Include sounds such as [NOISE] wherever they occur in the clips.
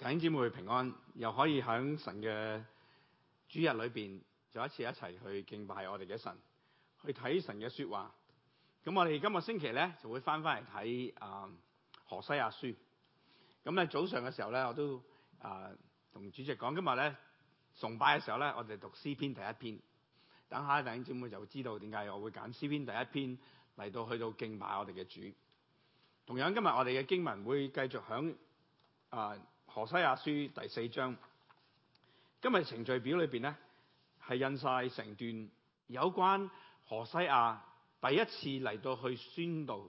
弟兄姐妹平安，又可以響神嘅主日裏邊就一次一齊去敬拜我哋嘅神，去睇神嘅說話。咁我哋今個星期咧，就會翻翻嚟睇啊《何西阿書》。咁咧早上嘅時候咧，我都啊同、呃、主席講，今日咧崇拜嘅時候咧，我哋讀詩篇第一篇。等下弟兄姊妹就會知道點解我會揀詩篇第一篇嚟到去到敬拜我哋嘅主。同樣今日我哋嘅經文會繼續響啊。呃何西阿書第四章，今日程序表裏面咧係印晒成段有關何西阿第一次嚟到去宣道、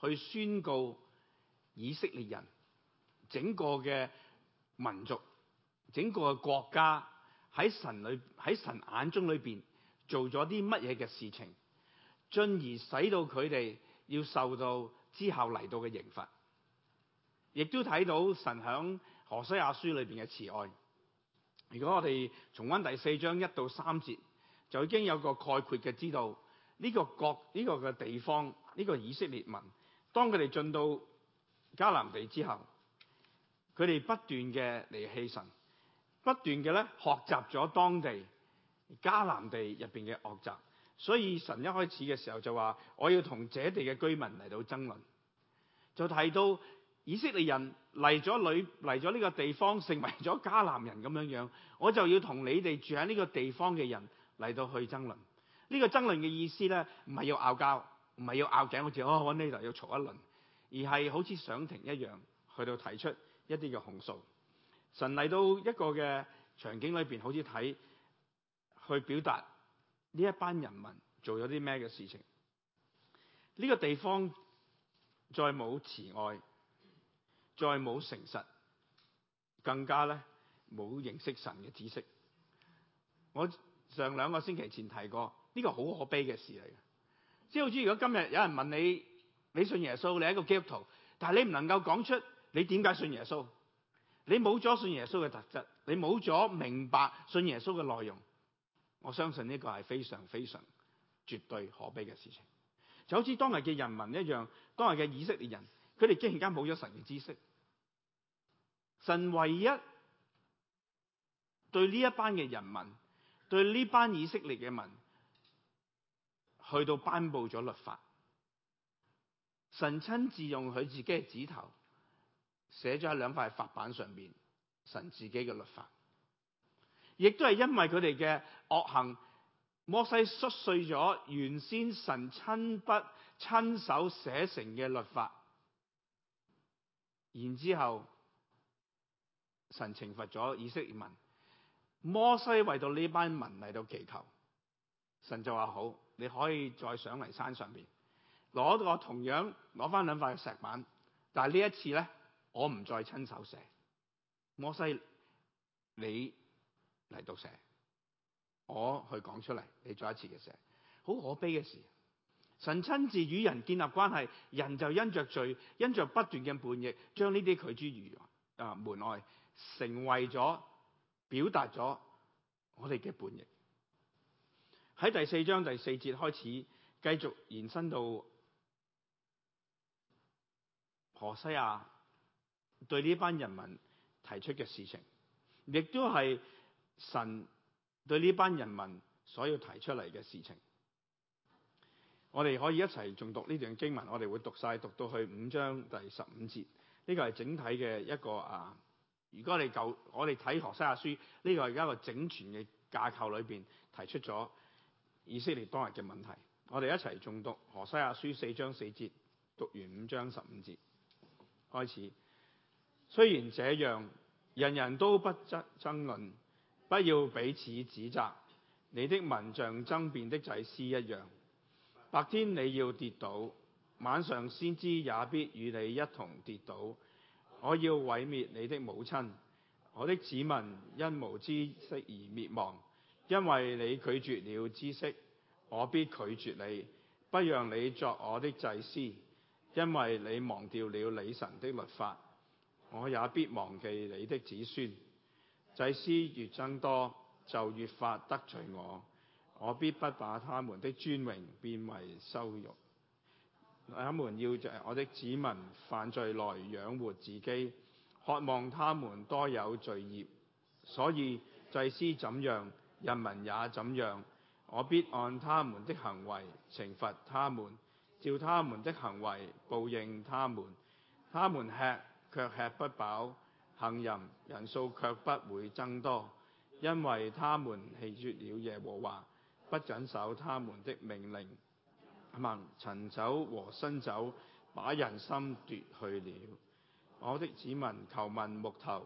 去宣告以色列人整個嘅民族、整個嘅國家喺神裏喺神眼中裏面做咗啲乜嘢嘅事情，進而使到佢哋要受到之後嚟到嘅刑罰，亦都睇到神響何西阿書裏邊嘅慈愛，如果我哋重溫第四章一到三節，就已經有一個概括嘅知道，呢、這個國呢、這個嘅地方，呢、這個以色列民，當佢哋進到迦南地之後，佢哋不斷嘅離棄神，不斷嘅咧學習咗當地迦南地入邊嘅惡習，所以神一開始嘅時候就話：我要同這地嘅居民嚟到爭論，就提到以色列人。嚟咗旅嚟咗呢個地方，成為咗迦南人咁樣樣，我就要同你哋住喺呢個地方嘅人嚟到去爭論。呢個爭論嘅意思呢，唔係要拗交，唔係要拗頸，好似哦搵呢度要吵一輪，而係好似上庭一樣，去到提出一啲嘅控訴。神嚟到一個嘅場景裏邊，好似睇去表達呢一班人民做咗啲咩嘅事情。呢個地方再冇慈愛。再冇誠實，更加咧冇認識神嘅知識。我上兩個星期前提過，呢個好可悲嘅事嚟嘅。司主，如果今日有人問你，你信耶穌，你係一個基督徒，但係你唔能夠講出你點解信耶穌，你冇咗信耶穌嘅特質，你冇咗明白信耶穌嘅內容，我相信呢個係非常非常絕對可悲嘅事情。就好似當日嘅人民一樣，當日嘅以色列人。佢哋竟然間冇咗神嘅知識，神唯一對呢一班嘅人民，對呢班以色列嘅民，去到頒布咗律法，神親自用佢自己嘅指頭寫咗喺兩塊法板上面，神自己嘅律法，亦都係因為佢哋嘅惡行，摩西摔碎咗原先神親筆親手寫成嘅律法。然之後，神懲罰咗以色列民。摩西為到呢班民嚟到祈求，神就話好，你可以再上嚟山上邊，攞個同樣，攞翻兩塊石板，但係呢一次咧，我唔再親手寫，摩西，你嚟到寫，我去講出嚟，你再一次嘅寫，好可悲嘅事。神親自與人建立關係，人就因着罪，因着不斷嘅叛逆，將呢啲拒之於啊、呃、門外，成為咗表達咗我哋嘅叛逆。喺第四章第四節開始，繼續延伸到何西阿對呢班人民提出嘅事情，亦都係神對呢班人民所要提出嚟嘅事情。我哋可以一齊重讀呢段經文，我哋會讀晒。讀到去五章第十五節。呢個係整體嘅一個啊！如果我哋就我哋睇何西阿書，呢個係一個整全嘅架構裏邊提出咗以色列當日嘅問題。我哋一齊重讀何西阿書四章四節，讀完五章十五節開始。雖然這樣，人人都不爭爭論，不要彼此指責。你的民像爭辯的就係祭司一樣。白天你要跌倒，晚上先知也必與你一同跌倒。我要毀滅你的母親。我的子民因無知識而滅亡，因為你拒絕了知識。我必拒絕你，不讓你作我的祭司，因為你忘掉了你神的律法，我也必忘記你的子孫。祭司越增多，就越發得罪我。我必不把他們的尊榮變為羞辱。他們要就我的子民犯罪來養活自己，渴望他們多有罪孽。所以祭司怎樣，人民也怎樣。我必按他們的行為懲罰他們，照他們的行為報應他們。他們吃卻吃不飽，行淫人數卻不會增多，因為他們棄絕了耶和華。不遵守他們的命令，行陳酒和新酒，把人心奪去了。我的子民求問木頭，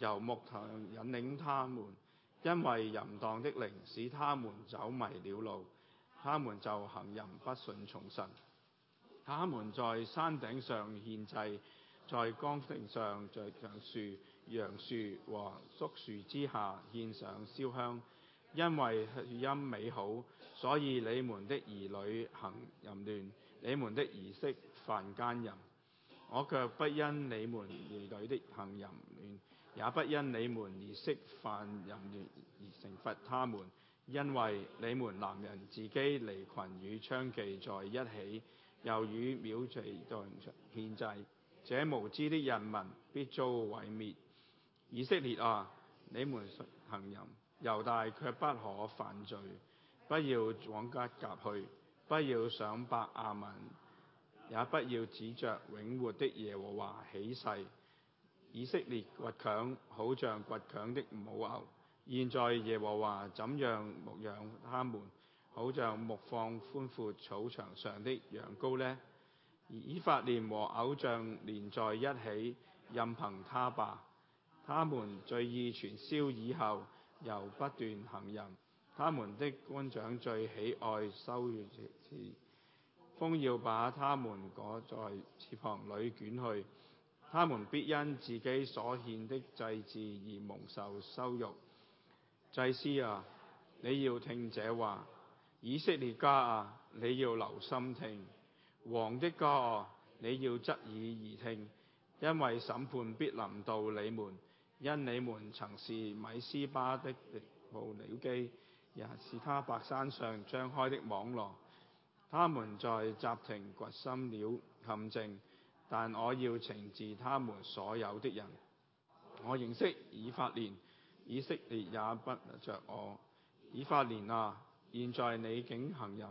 由木頭引領他們，因為淫蕩的靈使他們走迷了路，他們就行淫不順從神。他們在山頂上獻祭，在岡陵上的橡樹、楊樹和栗樹之下獻上燒香。因為血音美好，所以你們的兒女行淫亂，你們的兒媳犯奸淫。我卻不因你們兒女的行淫亂，也不因你們兒媳犯淫亂而懲罰他們，因為你們男人自己離群與娼妓在一起，又與廟妓在獻祭，這無知的人民必遭毀滅。以色列啊，你們行淫！猶大卻不可犯罪，不要往吉甲去，不要上伯亞文，也不要指着永活的耶和華起誓。以色列倔強，好像倔強的母牛，現在耶和華怎樣牧養他們，好像牧放寬闊草場上的羊羔呢？以法蓮和偶像連在一起，任憑他吧。他們罪意傳銷以後。又不斷行淫，他們的官長最喜愛羞辱詞，風要把他們裹在翅膀裏捲去，他們必因自己所獻的祭祀而蒙受羞辱。祭司啊，你要聽這話；以色列家啊，你要留心聽；王的歌啊，你要側耳而聽，因為審判必臨到你們。因你們曾是米斯巴的捕鳥機，也是他白山上張開的網羅。他們在集停掘深了陷阱，但我要懲治他們所有的人。我認識以法蓮，以色列也不著我。以法蓮啊，現在你竟行淫，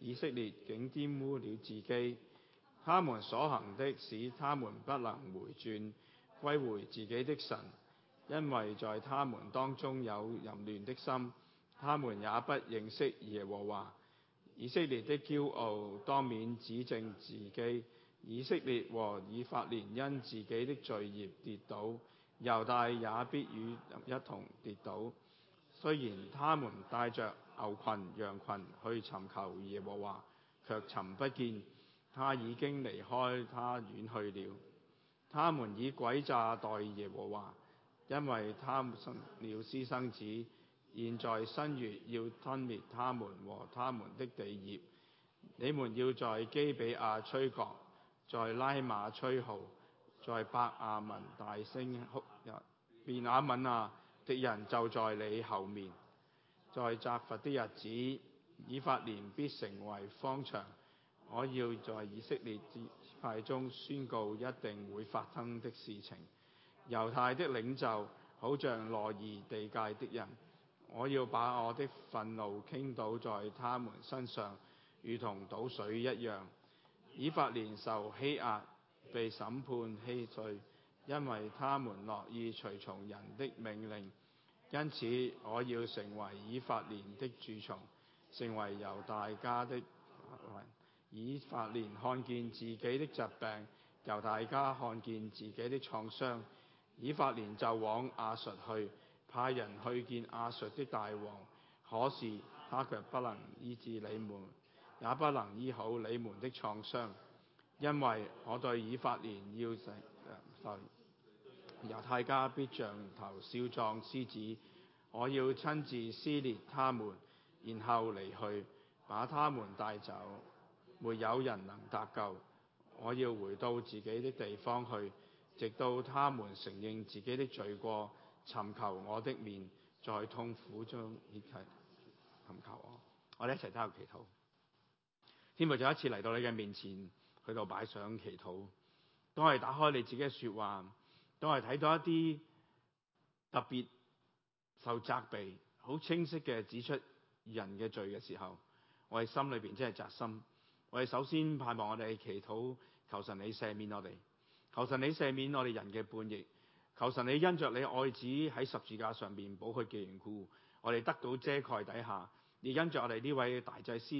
以色列竟玷污了自己。他們所行的，使他們不能回轉歸回自己的神。因為在他們當中有淫亂的心，他們也不認識耶和華，以色列的驕傲當面指證自己，以色列和以法蓮因自己的罪孽跌倒，猶大也必與一同跌倒。雖然他們帶着牛群羊群去尋求耶和華，卻尋不見，他已經離開他遠去了。他們以詭詐待耶和華。因為他們生了私生子，現在新月要吞滅他們和他們的地業。你們要在基比亞吹角，在拉馬吹號，在伯亞文大聲哭泣。便雅憫啊，敵人就在你後面。在扎佛的日子，以法蓮必成為荒場。我要在以色列支派中宣告一定會發生的事情。猶太的領袖好像挪移地界的人，我要把我的憤怒傾倒在他們身上，如同倒水一樣。以法蓮受欺壓，被審判欺罪，因為他們樂意隨從人的命令。因此，我要成為以法蓮的蛀蟲，成為猶大家的。以法蓮看見自己的疾病，猶大家看見自己的創傷。以法蓮就往亞述去，派人去見亞述的大王，可是他卻不能醫治你們，也不能醫好你們的創傷，因為我對以法蓮要成猶太家必像頭少壯獅子，我要親自撕裂他們，然後離去，把他們帶走，沒有人能搭救。我要回到自己的地方去。直到他們承認自己的罪過，尋求我的面，在痛苦中切切，尋求我。我哋一齊都喺度祈禱。天父再一次嚟到你嘅面前，去到擺上祈禱，當我哋打開你自己嘅說話，當我哋睇到一啲特別受責備、好清晰嘅指出人嘅罪嘅時候，我哋心裏邊真係扎心。我哋首先盼望我哋祈禱，求神你赦免我哋。求神你赦免我哋人嘅叛逆，求神你因着你愛子喺十字架上面補佢嘅緣故，我哋得到遮蓋底下。你因着我哋呢位大祭司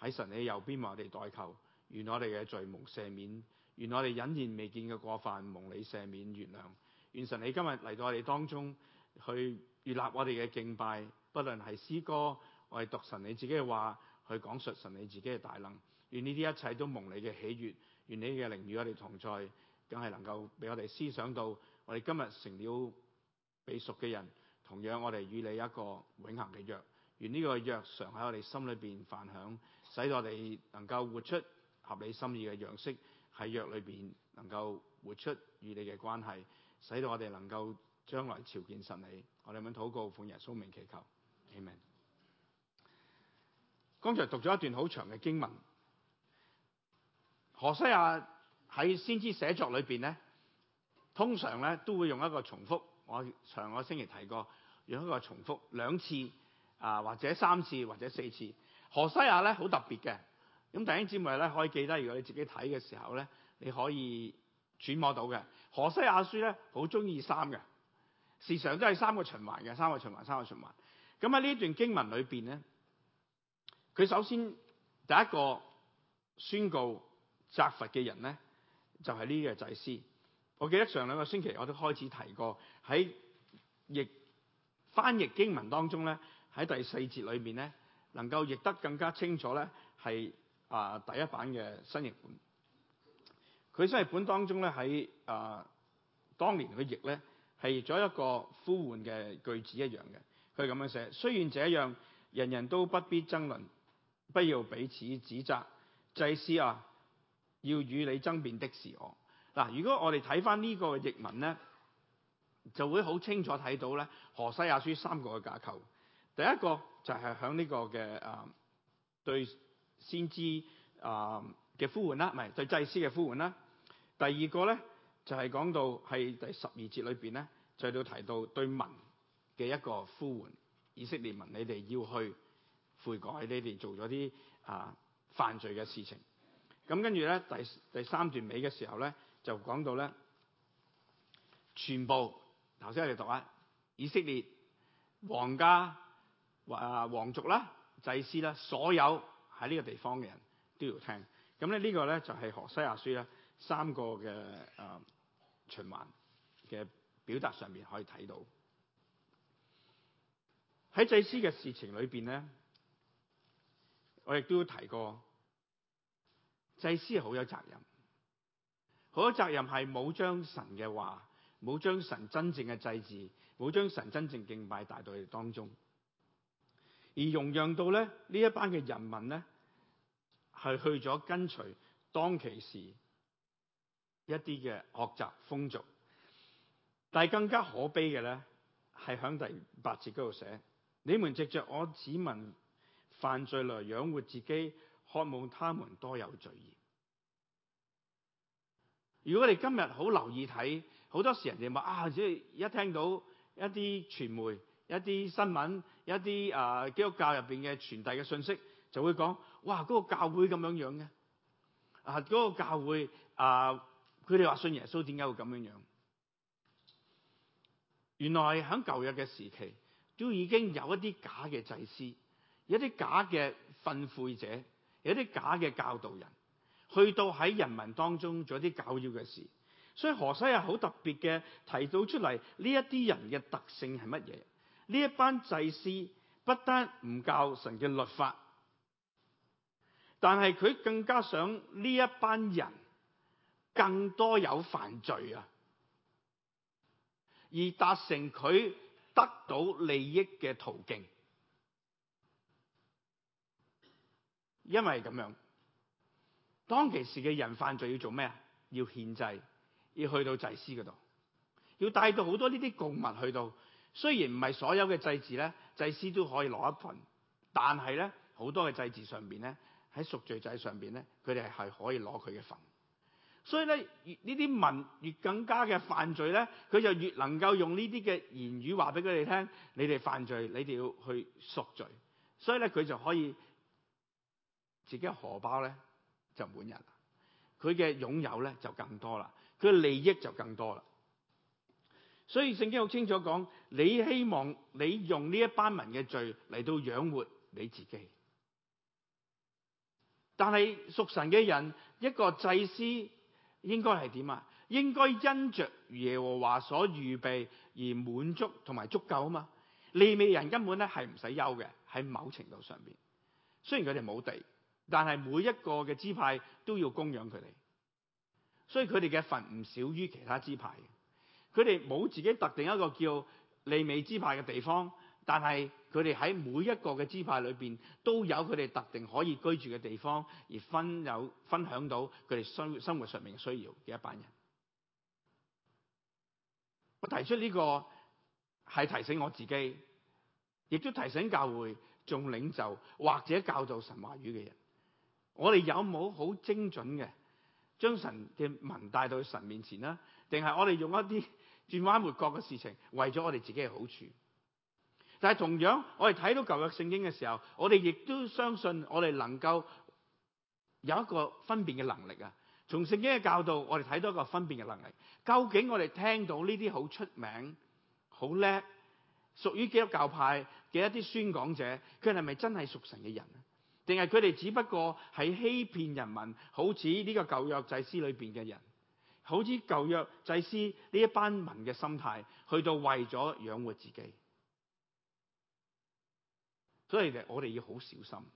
喺神你右邊，為我哋代求，願我哋嘅罪蒙赦免，願我哋隱然未見嘅過犯蒙你赦免，原諒。願神你今日嚟到我哋當中去悅納我哋嘅敬拜，不論係詩歌，我哋讀神你自己嘅話去講述神你自己嘅大能。願呢啲一切都蒙你嘅喜悅，願你嘅靈與我哋同在。更係能夠俾我哋思想到，我哋今日成了被贖嘅人，同樣我哋與你一個永恒嘅約，願呢個約常喺我哋心裏邊泛響，使到我哋能夠活出合理心意嘅樣式，喺約裏邊能夠活出與你嘅關係，使到我哋能夠將來朝見神你。我哋咁禱告，奉耶穌名祈求，阿門。剛才讀咗一段好長嘅經文，何西阿。喺先知寫作裏邊咧，通常咧都會用一個重複。我上個星期提過，用一個重複兩次啊，或者三次或者四次。何西阿咧好特別嘅，咁弟兄姊妹咧可以記得，如果你自己睇嘅時候咧，你可以揣摩到嘅。何西阿書咧好中意三嘅，時常都係三個循環嘅，三個循環，三個循環。咁喺呢段經文裏邊咧，佢首先第一個宣告責罰嘅人咧。就係、是、呢個祭司，我記得上兩個星期我都開始提過，喺譯翻譯經文當中咧，喺第四節裏面咧，能夠譯得更加清楚咧，係啊第一版嘅新譯本。佢新譯本當中咧，喺啊當年嘅譯咧係咗一個呼喚嘅句子一樣嘅，佢係咁樣寫：雖然這樣，人人都不必爭論，不要彼此指責，祭司啊。要與你爭辯的是我嗱、啊，如果我哋睇翻呢個譯文咧，就會好清楚睇到咧何西阿書，三個嘅架構。第一個就係響呢個嘅啊、呃、對先知啊嘅、呃、呼喚啦，唔係對祭司嘅呼喚啦。第二個咧就係、是、講到喺第十二節裏邊咧，就係到提到對民嘅一個呼喚，以色列民你哋要去悔改，你哋做咗啲啊犯罪嘅事情。咁跟住咧，第第三段尾嘅時候咧，就講到咧，全部頭先我哋讀啊，以色列皇家啊皇、呃、王族啦、祭司啦，所有喺呢個地方嘅人都要聽，咁咧呢個咧就係、是、何西阿書咧三個嘅啊、呃、循環嘅表達上面可以睇到。喺祭司嘅事情裏邊咧，我亦都提過。祭司好有責任，好有責任係冇將神嘅話，冇將神真正嘅祭祀，冇將神真正敬拜帶到佢哋當中，而容讓到咧呢這一班嘅人民咧係去咗跟隨當其時一啲嘅惡習風俗，但係更加可悲嘅咧係響第八節嗰度寫：你們藉著我子民犯罪來養活自己。渴望他們多有罪孽。如果你今日好留意睇，好多時人哋話啊，即係一聽到一啲傳媒、一啲新聞，一啲啊、呃、基督教入邊嘅傳遞嘅信息，就會講哇，嗰個教會咁樣樣嘅啊，嗰個教會啊，佢哋話信耶穌點解會咁樣樣，原來響舊日嘅時期，都已經有一啲假嘅祭司，有啲假嘅訓誨者。有啲假嘅教導人，去到喺人民當中做啲教要嘅事，所以何西阿好特別嘅提到出嚟呢一啲人嘅特性係乜嘢？呢一班祭司不單唔教神嘅律法，但係佢更加想呢一班人更多有犯罪啊，而達成佢得到利益嘅途徑。因為咁樣，當其時嘅人犯罪要做咩啊？要獻祭，要去到祭司嗰度，要帶到好多呢啲動物去到。雖然唔係所有嘅祭祀咧，祭司都可以攞一份，但係咧好多嘅祭祀上邊咧，喺贖罪祭上邊咧，佢哋係可以攞佢嘅份。所以咧，越呢啲民越更加嘅犯罪咧，佢就越能夠用呢啲嘅言語話俾佢哋聽，你哋犯罪，你哋要去贖罪。所以咧，佢就可以。自己嘅荷包咧就滿人，佢嘅擁有咧就更多啦，佢嘅利益就更多啦。所以聖經好清楚講，你希望你用呢一班民嘅罪嚟到養活你自己，但係屬神嘅人，一個祭司應該係點啊？應該因着耶和華所預備而滿足同埋足夠啊嘛！利未人根本咧係唔使憂嘅，喺某程度上面。雖然佢哋冇地。但係每一個嘅支派都要供養佢哋，所以佢哋嘅份唔少於其他支派，佢哋冇自己特定一個叫利未支派嘅地方，但係佢哋喺每一個嘅支派裏邊都有佢哋特定可以居住嘅地方，而分有分享到佢哋生生活上面嘅需要嘅一班人。我提出呢個係提醒我自己，亦都提醒教會眾領袖或者教導神話語嘅人。我哋有冇好精準嘅將神嘅文帶到去神面前呢？定係我哋用一啲轉彎抹角嘅事情為咗我哋自己嘅好處？但係同樣，我哋睇到舊約聖經嘅時候，我哋亦都相信我哋能夠有一個分辨嘅能力啊！從聖經嘅教導，我哋睇到一個分辨嘅能力。究竟我哋聽到呢啲好出名、好叻、屬於基督教派嘅一啲宣講者，佢係咪真係屬神嘅人？定係佢哋只不過係欺騙人民，好似呢個舊約祭司裏邊嘅人，好似舊約祭司呢一班民嘅心態，去到為咗養活自己，所以我哋要好小心，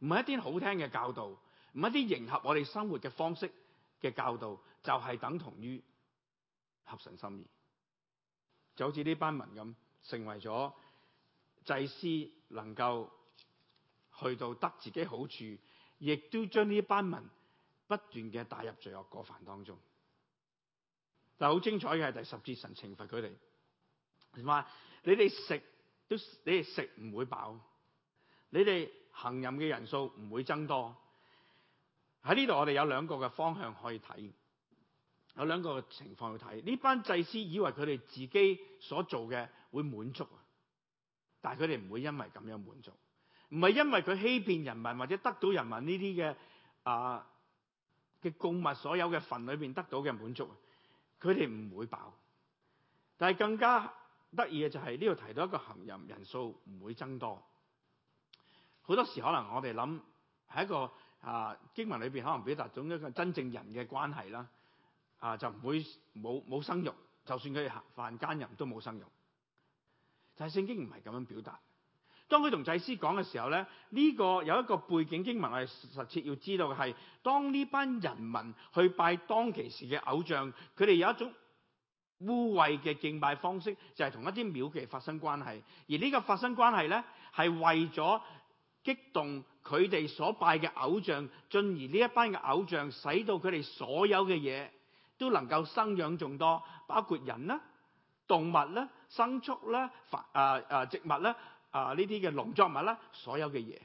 唔係一啲好聽嘅教導，唔係一啲迎合我哋生活嘅方式嘅教導，就係等同於合神心意，就好似呢班民咁，成為咗祭司能夠。去到得自己好處，亦都將呢班民不斷嘅帶入罪惡過犯當中。但係好精彩嘅係第十節神懲罰佢哋，話你哋食都你哋食唔會飽，你哋行淫嘅人數唔會增多。喺呢度我哋有兩個嘅方向可以睇，有兩個情況去睇。呢班祭司以為佢哋自己所做嘅會滿足，但係佢哋唔會因為咁樣滿足。唔係因為佢欺騙人民或者得到人民呢啲嘅啊嘅供物，所有嘅份裏邊得到嘅滿足，佢哋唔會飽，但係更加得意嘅就係呢度提到一個行淫人數唔會增多。好多時可能我哋諗係一個啊經文裏邊可能表達咗一個真正人嘅關係啦，啊就唔會冇冇生育，就算佢行姦淫人都冇生育。但係聖經唔係咁樣表達。當佢同祭司講嘅時候咧，呢、這個有一個背景經文，我哋實切要知道嘅係，當呢班人民去拜當其時嘅偶像，佢哋有一種污穢嘅敬拜方式，就係、是、同一啲廟妓發生關係。而呢個發生關係咧，係為咗激動佢哋所拜嘅偶像，進而呢一班嘅偶像，使到佢哋所有嘅嘢都能夠生養眾多，包括人啦、動物啦、牲畜啦、繁啊啊植物啦。啊！呢啲嘅農作物啦，所有嘅嘢，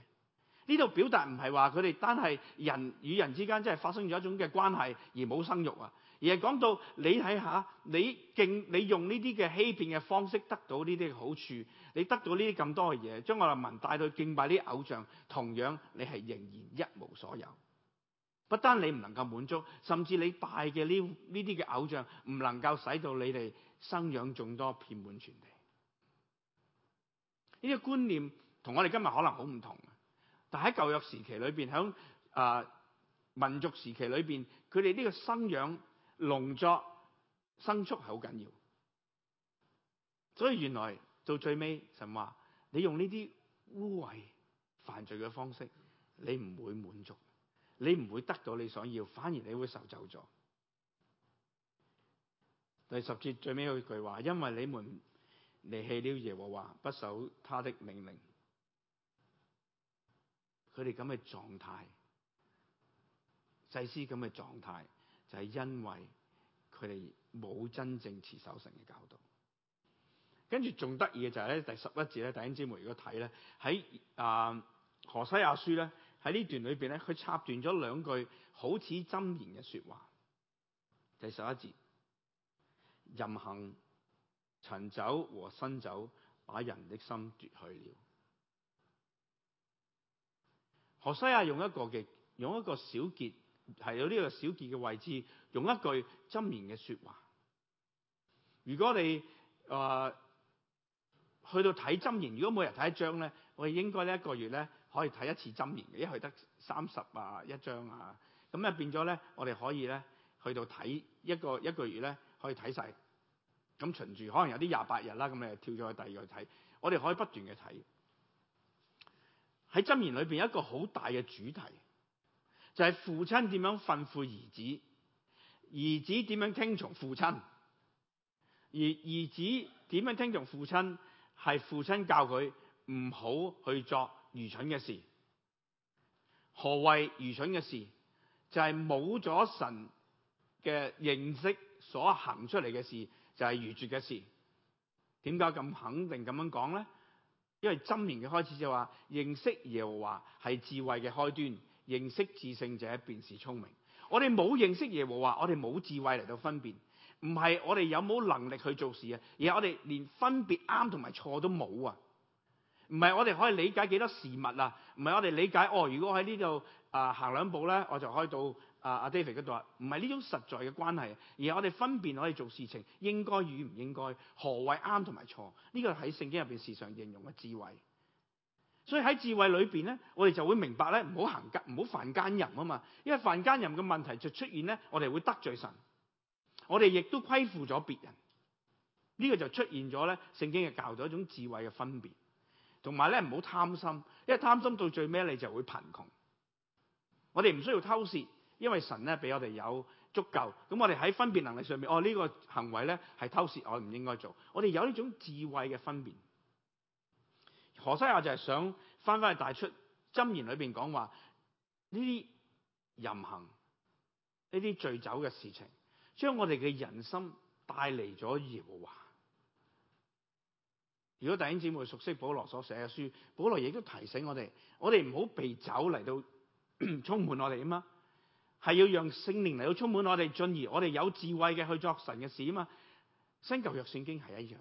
呢度表達唔係話佢哋單係人與人之間真係發生咗一種嘅關係而冇生育啊，而係講到你睇下，你敬你用呢啲嘅欺騙嘅方式得到呢啲嘅好處，你得到呢啲咁多嘅嘢，將我人民帶去敬拜啲偶像，同樣你係仍然一無所有。不單你唔能夠滿足，甚至你拜嘅呢呢啲嘅偶像唔能夠使到你哋生養眾多、遍滿全地。呢個觀念同我哋今日可能好唔同，但喺舊約時期裏邊，響啊、呃、民族時期裏邊，佢哋呢個生養、農作、牲畜係好緊要。所以原來到最尾神話，你用呢啲污穢犯罪嘅方式，你唔會滿足，你唔會得到你想要，反而你會受咒詛。第十節最尾一句話，因為你們。離棄了耶和華，不守他的命令，佢哋咁嘅狀態，祭司咁嘅狀態，就係、是、因為佢哋冇真正持守神嘅教導。跟住仲得意嘅就係咧，第十一節咧，弟兄姊妹如果睇咧，喺啊何西阿書咧，喺呢段裏邊咧，佢插斷咗兩句好似箴言嘅說話。第十一節，任行。陳酒和新酒把人的心奪去了。何西阿用一個嘅，用一個小結，係有呢個小結嘅位置，用一句箴言嘅説話。如果你啊、呃、去到睇箴言，如果每日睇一章咧，我哋應該呢一個月咧可以睇一次箴言嘅，啊，一係得三十啊一章啊，咁咧變咗咧，我哋可以咧去到睇一個一個月咧可以睇晒。咁循住，可能有啲廿八日啦。咁你跳咗去第二個睇，我哋可以不斷嘅睇喺箴言裏面，一個好大嘅主題就係、是、父親點樣吩咐兒子，兒子點樣聽從父親，而兒子點樣聽從父親係父親教佢唔好去作愚蠢嘅事。何謂愚蠢嘅事？就係冇咗神嘅認識所行出嚟嘅事。就係、是、愚拙嘅事，點解咁肯定咁樣講呢？因為箴言嘅開始就話認識耶和華係智慧嘅開端，認識至聖者便是聰明。我哋冇認識耶和華，我哋冇智慧嚟到分辨，唔係我哋有冇能力去做事啊？而係我哋連分別啱同埋錯都冇啊！唔係我哋可以理解幾多少事物啊？唔係我哋理解哦。如果喺呢度啊行兩步呢，我就開到。阿阿 David 嗰度話：唔係呢種實在嘅關係，而係我哋分辨我哋做事情應該與唔應該，何為啱同埋錯？呢、這個喺聖經入邊時常形容嘅智慧。所以喺智慧裏邊咧，我哋就會明白咧，唔好行奸，唔好犯奸淫啊嘛。因為犯奸淫嘅問題就出現咧，我哋會得罪神，我哋亦都虧負咗別人。呢、這個就出現咗咧，聖經嘅教導一種智慧嘅分別，同埋咧唔好貪心，因為貪心到最尾你就會貧窮。我哋唔需要偷竊。因為神咧俾我哋有足夠，咁我哋喺分辨能力上面，哦呢、呢個行為咧係偷竊，我唔應該做。我哋有呢種智慧嘅分辨。何西阿就係想翻翻去大出箴言裏邊講話，呢啲淫行，呢啲醉酒嘅事情，將我哋嘅人心帶嚟咗禍患。如果弟兄姊妹熟悉保羅所寫嘅書，保羅亦都提醒我哋，我哋唔好被酒嚟到 [COUGHS] 充滿我哋啊嘛。係要讓聖靈嚟到充滿我哋，進而我哋有智慧嘅去作神嘅事啊嘛！新舊約聖經係一樣，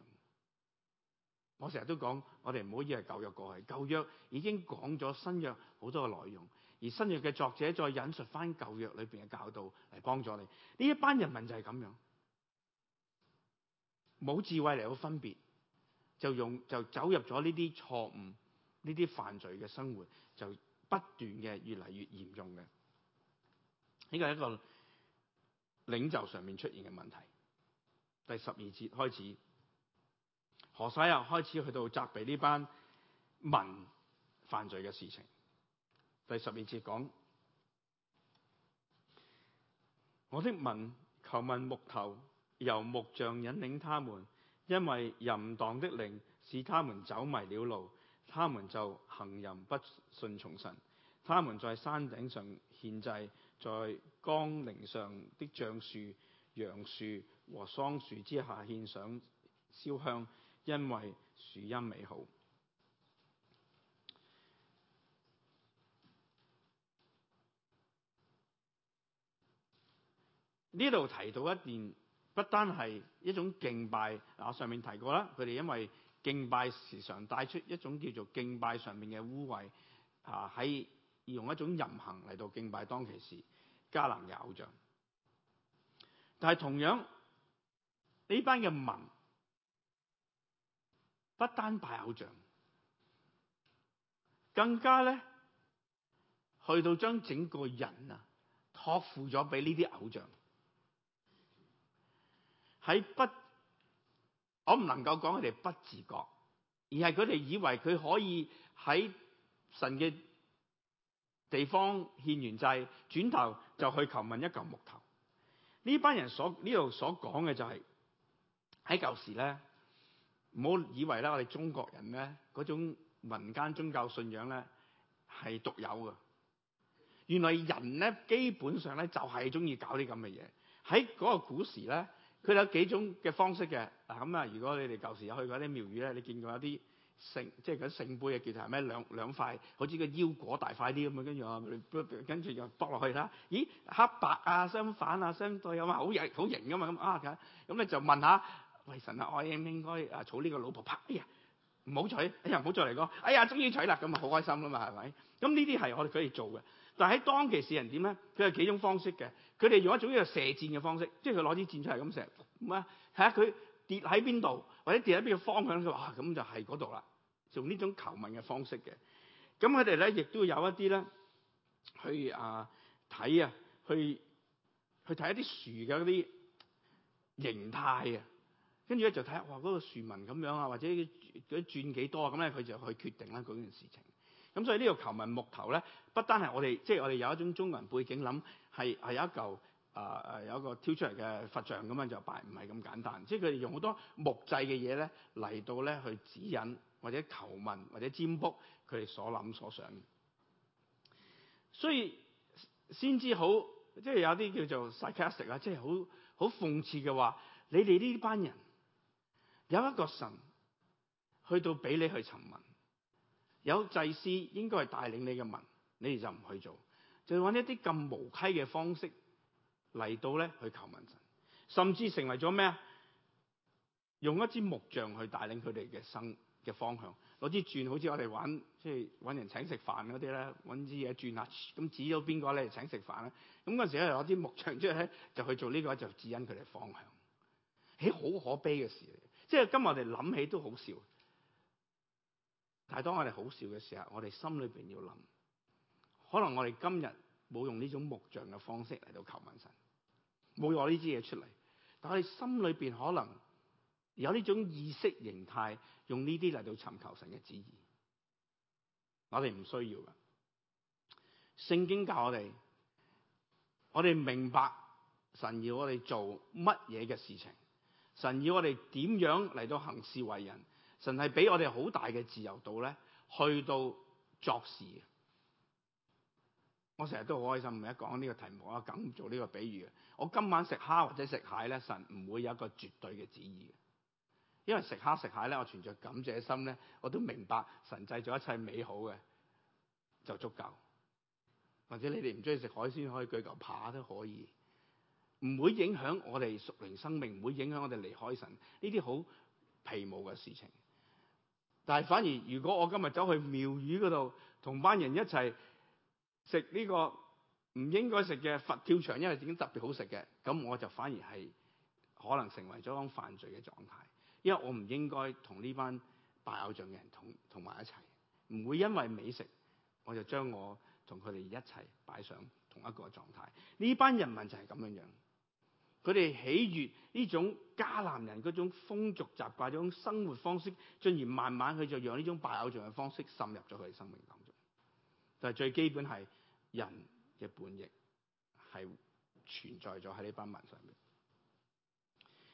我成日都講，我哋唔好以為舊約過去，舊約已經講咗新約好多嘅內容，而新約嘅作者再引述翻舊約裏邊嘅教導嚟幫助你。呢一班人民就係咁樣，冇智慧嚟到分別，就用就走入咗呢啲錯誤、呢啲犯罪嘅生活，就不斷嘅越嚟越嚴重嘅。呢個係一個領袖上面出現嘅問題。第十二節開始，何西阿又開始去到責備呢班民犯罪嘅事情。第十二節講：我的民求問木頭，由木匠引領他們，因為淫蕩的靈使他們走迷了路，他們就行淫不信從神。他們在山頂上獻祭。在岡陵上的橡樹、楊樹和桑樹之下獻上燒香，因為樹蔭美好。呢度提到一件，不單係一種敬拜。嗱，我上面提過啦，佢哋因為敬拜時常帶出一種叫做敬拜上面嘅污穢啊喺。在而用一種淫行嚟到敬拜，當其時迦南嘅偶像。但係同樣呢班嘅民不單拜偶像，更加咧去到將整個人啊託付咗俾呢啲偶像。喺不，我唔能夠講佢哋不自覺，而係佢哋以為佢可以喺神嘅。地方獻完祭，轉頭就去求問一嚿木頭。呢班人所，所說的、就是、呢度所講嘅就係喺舊時咧，唔好以為咧我哋中國人咧嗰種民間宗教信仰咧係獨有嘅。原來人咧基本上咧就係中意搞啲咁嘅嘢。喺嗰個古時咧，佢有幾種嘅方式嘅。嗱咁啊，如果你哋舊時有去過啲廟宇咧，你見過一啲。聖即係佢啲聖杯啊，叫做係咩？兩兩塊，好似個腰果大塊啲咁啊。跟住我，跟住又卜落去啦。咦，黑白啊，相反啊，相對咁啊，好型好型噶嘛咁啊，咁咧、嗯嗯嗯嗯嗯、就問下：喂，神啊，我應唔應該啊娶呢個老婆？啪！哎呀，唔好娶！哎呀，唔好再嚟講。哎呀，終於娶啦，咁啊好開心啦嘛，係、嗯、咪？咁呢啲係我哋可以做嘅。但係喺當其時人點咧？佢有幾種方式嘅。佢哋用一種叫做射箭嘅方式，即係佢攞支箭出嚟咁射，咁啊睇下佢跌喺邊度。或者跌喺邊個方向？佢話：咁、啊、就係嗰度啦。用呢種求問嘅方式嘅，咁佢哋咧亦都有一啲咧，去啊睇啊，去去睇一啲樹嘅嗰啲形態啊，跟住咧就睇哇嗰、嗰個樹紋咁樣啊，或者佢轉幾多啊，咁咧佢就去決定咧嗰件事情。咁所以呢個求問木頭咧，不單係我哋，即、就、係、是、我哋有一種中國人背景諗係有一嚿。誒、啊、誒有一個跳出嚟嘅佛像咁樣就拜，唔係咁簡單。即係佢哋用好多木製嘅嘢咧嚟到咧去指引，或者求問或者占卜佢哋所諗所想，所想。所以先知好，即係有啲叫做 psychic 啊，即係好好諷刺嘅話，你哋呢班人有一個神去到俾你去尋問，有祭司應該係帶領你嘅民，你哋就唔去做，就揾一啲咁無稽嘅方式。嚟到咧去求問神，甚至成為咗咩啊？用一支木杖去帶領佢哋嘅生嘅方向，攞支轉，好似我哋玩即係揾人請食飯啲咧，揾支嘢轉下，咁指咗邊個咧請食飯咧？咁陣時咧攞支木杖即係咧，就去做呢、呢個咧就指引佢哋方向。喺好可悲嘅事嚟，即係今日我哋諗起都好笑。但係當我哋好笑嘅時候，我哋心裏邊要諗，可能我哋今日冇用呢種木杖嘅方式嚟到求問神。冇攞呢支嘢出嚟，但係心裏邊可能有呢種意識形態，用呢啲嚟到尋求神嘅旨意。我哋唔需要嘅。聖經教我哋，我哋明白神要我哋做乜嘢嘅事情，神要我哋點樣嚟到行事為人，神係俾我哋好大嘅自由度咧，去到作事。我成日都好開心，唔係一講呢個題目，我梗做呢個比喻。我今晚食蝦或者食蟹咧，神唔會有一個絕對嘅旨意，因為食蝦食蟹咧，我存著感謝心咧，我都明白神製造一切美好嘅就足夠。或者你哋唔中意食海鮮，可以舉嚿扒都可以，唔會影響我哋屬靈生命，唔會影響我哋離開神。呢啲好皮毛嘅事情。但係反而，如果我今日走去廟宇嗰度，同班人一齊。食呢個唔應該食嘅佛跳牆，因為已經特別好食嘅，咁我就反而係可能成為咗一種犯罪嘅狀態，因為我唔應該同呢班拜偶像嘅人同同埋一齊，唔會因為美食我就將我同佢哋一齊擺上同一個狀態。呢班人民就係咁樣樣，佢哋喜悅呢種迦南人嗰種風俗習慣、種生活方式，進而慢慢佢就讓呢種拜偶像嘅方式滲入咗佢哋生命當中。就係、最基本係人嘅本質係存在咗喺呢班文上面，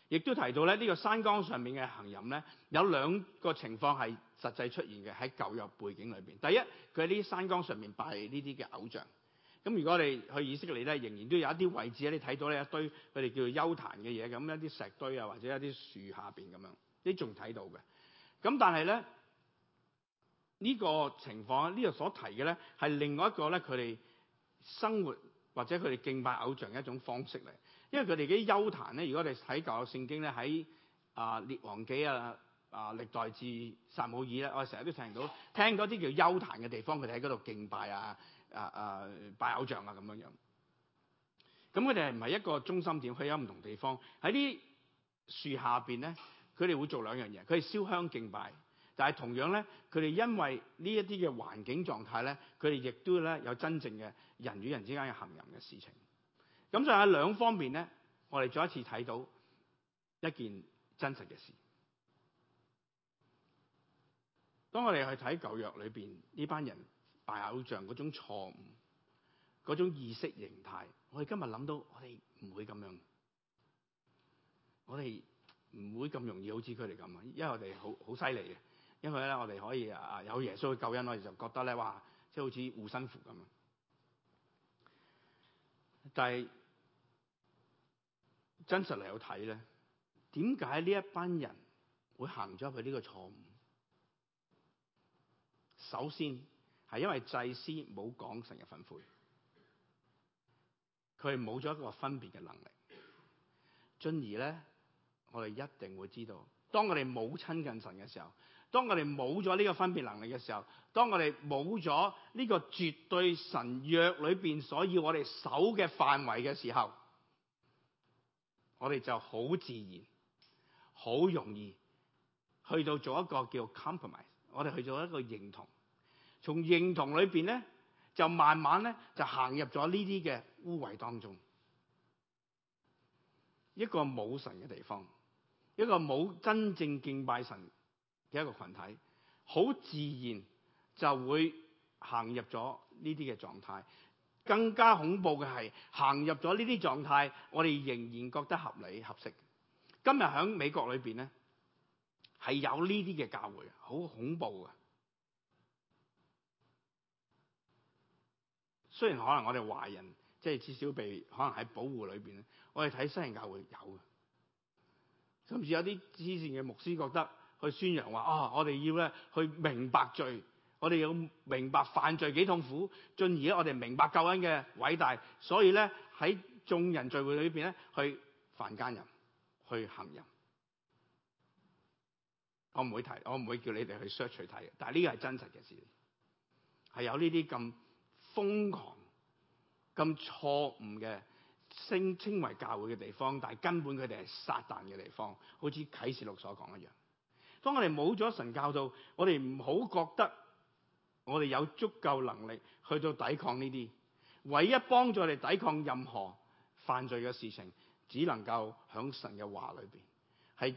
亦都提到咧呢，這個山崗上面嘅行人咧有兩個情況係實際出現嘅喺舊約背景裏邊。第一，佢喺呢啲山崗上面拜呢啲嘅偶像。咁如果你去以色列咧，仍然都有一啲位置咧，你睇到呢一堆佢哋叫做丘壇嘅嘢，咁一啲石堆啊，或者一啲樹下邊咁樣，你仲睇到嘅。咁但係咧。呢個情況，呢度所提嘅呢，係另外一個呢。佢哋生活或者佢哋敬拜偶像嘅一種方式嚟。因為佢哋啲邱壇呢，如果我哋睇舊約聖經咧，喺啊列王記啊啊歷代志撒母耳呢，我哋成日都聽到聽嗰啲叫邱壇嘅地方，佢哋喺嗰度敬拜啊啊啊拜偶像啊咁樣樣。咁佢哋唔係一個中心點，佢有唔同地方喺啲樹下邊呢，佢哋會做兩樣嘢，佢哋燒香敬拜。但係同樣咧，佢哋因為呢一啲嘅環境狀態咧，佢哋亦都咧有真正嘅人與人之間嘅行人嘅事情。咁就喺兩方面咧，我哋再一次睇到一件真實嘅事。當我哋去睇舊約裏邊呢班人拜偶像嗰種錯誤、嗰種意識形態，我哋今日諗到，我哋唔會咁樣，我哋唔會咁容易好似佢哋咁啊！因為我哋好好犀利嘅。因為咧，我哋可以啊有耶穌嘅救恩，我哋就覺得咧，哇，即係好似護身符咁樣！但係真實嚟有睇咧，點解呢一班人會行咗佢呢個錯誤？首先係因為祭司冇講神嘅吩咐，佢係冇咗一個分辨嘅能力。進而咧，我哋一定會知道，當我哋冇親近神嘅時候。當我哋冇咗呢個分別能力嘅時候，當我哋冇咗呢個絕對神約裏面所要我哋守嘅範圍嘅時候，我哋就好自然、好容易去到做一個叫 compromise。我哋去做一個認同，從認同裏面咧，就慢慢咧就行入咗呢啲嘅污穢當中，一個冇神嘅地方，一個冇真正敬拜神嘅一個群體，好自然就會行入咗呢啲嘅狀態。更加恐怖嘅係行入咗呢啲狀態，我哋仍然覺得合理合適。今日喺美國裏邊咧，係有呢啲嘅教會，好恐怖啊！雖然可能我哋華人即係至少被可能喺保護裏邊，我哋睇西人教會有嘅，甚至有啲黐線嘅牧師覺得去宣揚話啊、哦！我哋要咧去明白罪，我哋要明白犯罪幾痛苦，進而咧我哋明白救恩嘅偉大。所以咧喺眾人聚會裏邊咧，去犯奸淫，去行淫。我唔會提，我唔會叫你哋去 search 睇。但係呢個係真實嘅事，係有呢啲咁瘋狂、咁錯誤嘅聲稱為教會嘅地方，但係根本佢哋係撒旦嘅地方，好似啟示錄所講一樣。當我哋冇咗神教導，我哋唔好覺得我哋有足夠能力去到抵抗呢啲。唯一幫助你抵抗任何犯罪嘅事情，只能夠響神嘅話裏邊，係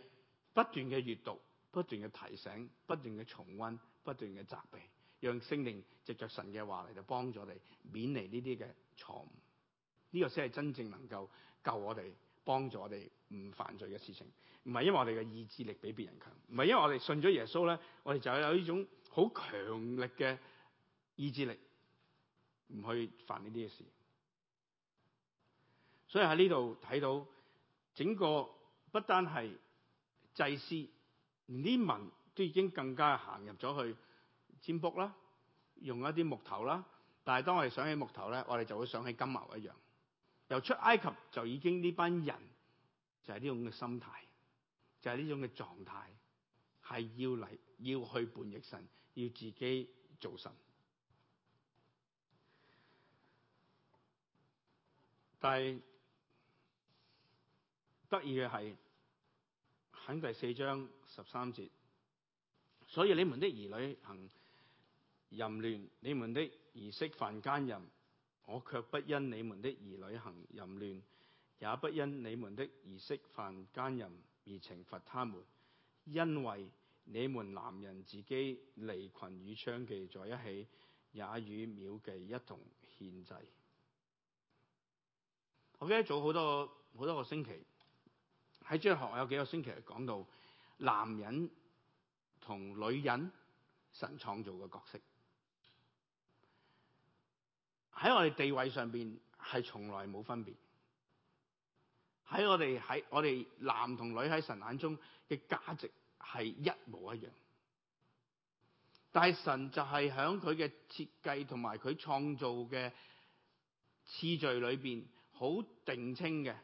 不斷嘅閱讀、不斷嘅提醒、不斷嘅重溫、不斷嘅責備，讓聖靈藉着神嘅話嚟到幫助你，免離呢啲嘅錯誤。呢、呢個先係真正能夠救我哋、幫助我哋。唔犯罪嘅事情，唔係因為我哋嘅意志力比別人強，唔係因為我哋信咗耶穌咧，我哋就有呢種好強力嘅意志力，唔去犯呢啲嘅事。所以喺呢度睇到整個不單係祭司，連啲民都已經更加行入咗去占卜啦，用一啲木頭啦。但係當我哋想起木頭咧，我哋就會想起金牛一樣，由出埃及就已經呢班人。就係、是、呢種嘅心態，就係、是、呢種嘅狀態，係要嚟，要去叛逆神，要自己做神。但係得意嘅係，喺第四章十三節，所以你們的兒女行淫亂，你們的兒媳犯奸淫，我卻不因你們的兒女行淫亂。也不因你們的兒媳犯奸淫而懲罰他們，因為你們男人自己離群與娼妓在一起，也與廟妓一同獻祭。我記得早好多好多個星期喺哲學，有幾個星期講到男人同女人，神創造嘅角色，喺我哋地位上邊係從來冇分別。喺我哋喺我哋男同女喺神眼中嘅價值係一模一樣，但係神就係響佢嘅設計同埋佢創造嘅次序裏邊好定稱嘅，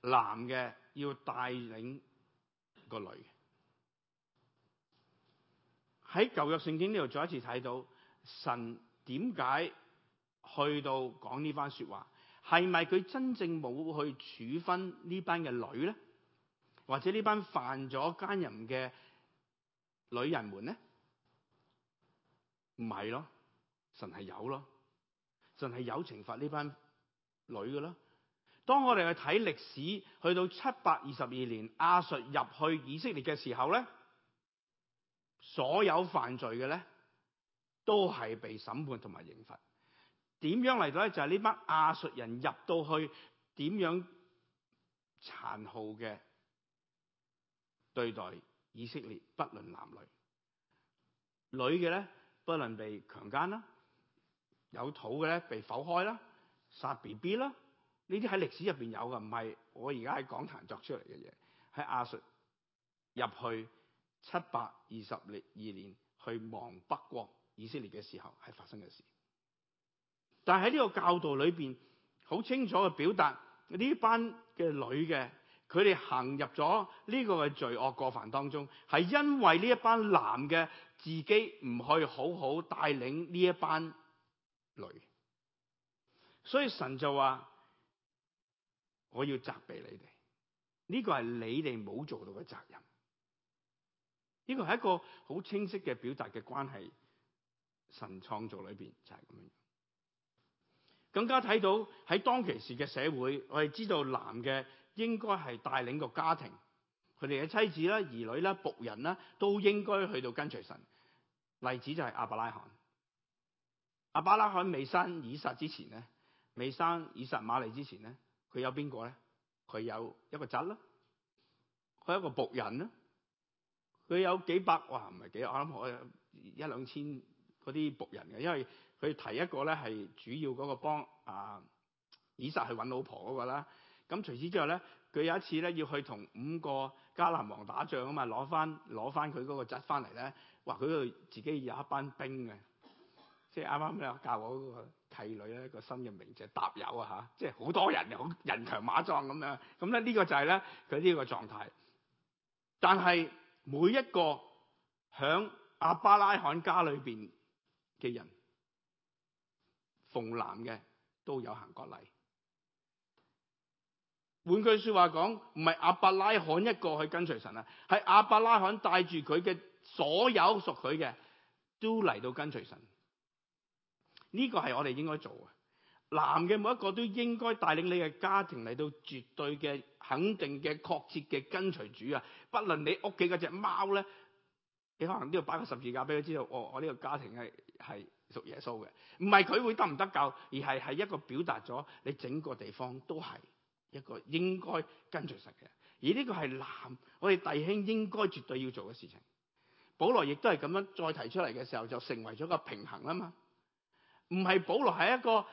男嘅要帶領個女嘅。喺舊約聖經呢度再一次睇到神點解去到講呢番說話。係咪佢真正冇去處分這班的女呢班嘅女咧？或者呢班犯咗奸淫嘅女人們咧？唔係咯，神係有咯，神係有懲罰呢班女嘅咯。當我哋去睇歷史，去到七百二十二年亞述入去以色列嘅時候咧，所有犯罪嘅咧，都係被審判同埋刑罰。點樣嚟到咧？就係呢班亞述人入到去，點樣殘酷嘅對待以色列？不論男女，女嘅咧不論被強姦啦，有肚嘅咧被剖開啦，殺 B B 啦，呢啲喺歷史入邊有嘅，唔係我而家喺講壇作出嚟嘅嘢，喺亞述入去七百二十年二年去亡北國以色列嘅時候係發生嘅事。但係喺呢個教導裏邊，好清楚嘅表達呢班嘅女嘅，佢哋行入咗呢個嘅罪惡過犯當中，係因為呢一班男嘅自己唔可以好好帶領呢一班女，所以神就話：我要責備你哋，呢個係你哋冇做到嘅責任。呢個係一個好清晰嘅表達嘅關係，神創造裏邊就係咁樣。更加睇到喺當其時嘅社會，我哋知道男嘅應該係帶領個家庭，佢哋嘅妻子啦、兒女啦、僕人啦，都應該去到跟隨神。例子就係亞伯拉罕。亞伯拉罕未生以撒之前咧，未生以撒馬利之前咧，佢有邊個咧？佢有一個侄啦，佢一個僕人啦，佢有幾百？哇，唔係幾？我諗我一兩千嗰啲僕人嘅，因為。佢提一個咧係主要個幫啊以撒去揾老婆個啦，咁除此之外咧，佢有一次咧要去同五個迦南王打仗啊嘛，攞翻攞翻佢個侄翻嚟咧，話佢度自己有一班兵嘅，即係啱啱咧教我個契女咧個新嘅名就係搭友啊吓，即係好多人，好人強馬壯咁樣，咁咧呢個就係咧佢呢個狀態，但係每一個響亞伯拉罕家裏邊嘅人。逢男嘅都有行過禮。換句話說話講，唔係亞伯拉罕一個去跟隨神啊，係亞伯拉罕帶住佢嘅所有屬佢嘅都嚟到跟隨神。呢、這個係我哋應該做啊！男嘅每一個都應該帶領你嘅家庭嚟到絕對嘅肯定嘅確切嘅跟隨主啊！不論你屋企嗰隻貓咧，你可能都要擺個十字架俾佢知道，哦，我呢個家庭係係。屬耶穌嘅，唔係佢會得唔得救，而係係一個表達咗你整個地方都係一個應該跟隨神嘅。而呢個係男，我哋弟兄應該絕對要做嘅事情。保羅亦都係咁樣再提出嚟嘅時候，就成為咗個平衡啦嘛。唔係保羅係一個